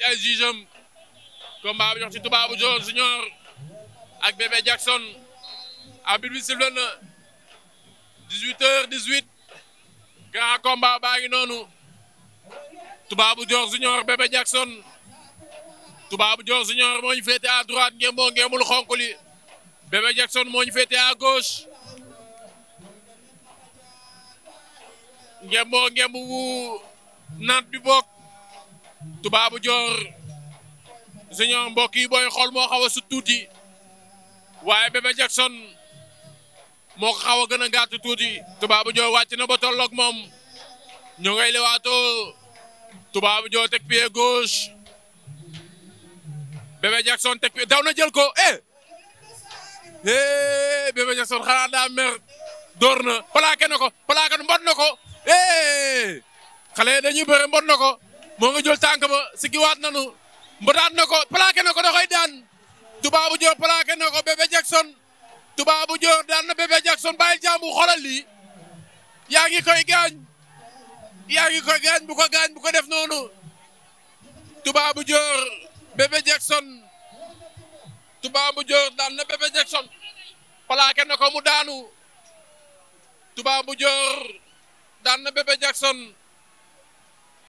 ay jugeem combat bi jox ci Toubabou Dior junior ak bébé Jackson arbitre bi sifflé na 18h18 grand combat baa noonu Toubabou Dior junior bébé Jackson Toubabou Dior junior moo féete à droite ngeen moo ngeemul xonk bébé Jackson moo féete à gauche ngeen moo ngeem bu bi Toubabou Dior Junior mbokk yi booy xool moo xaw a sut tuuti waaye Bébé Jackson moo ko xaw a gën a gàtt tuuti Toubabou Dior wàcc na ba tolloog moom ñu ngay lewaatoo Toubabou Dior teg pied gauche Bébé Jackson teg pied daw na jël ko eh eh Jackson xanaa daa mer door na plaqué na ko plaqué na mbot na ko eh xale dañuy bëre mbot na ko. moo nga jël tànk ba sikiwaat nanu mbataat na ko plaqué na ko da koy daan tubaabu joor plaqué na ko bébé Jackson tubaabu joor daan na bébé Jackson bàyyil jàmbu xoolal yaa ngi koy gaañ yaa ngi koy gaañ bu ko gaañ bu ko def noonu tubaabu joor bébé Jackson tubaabu joor daan na bébé Jackson na ko mu daanu tubaabu joor daan na bébé Jackson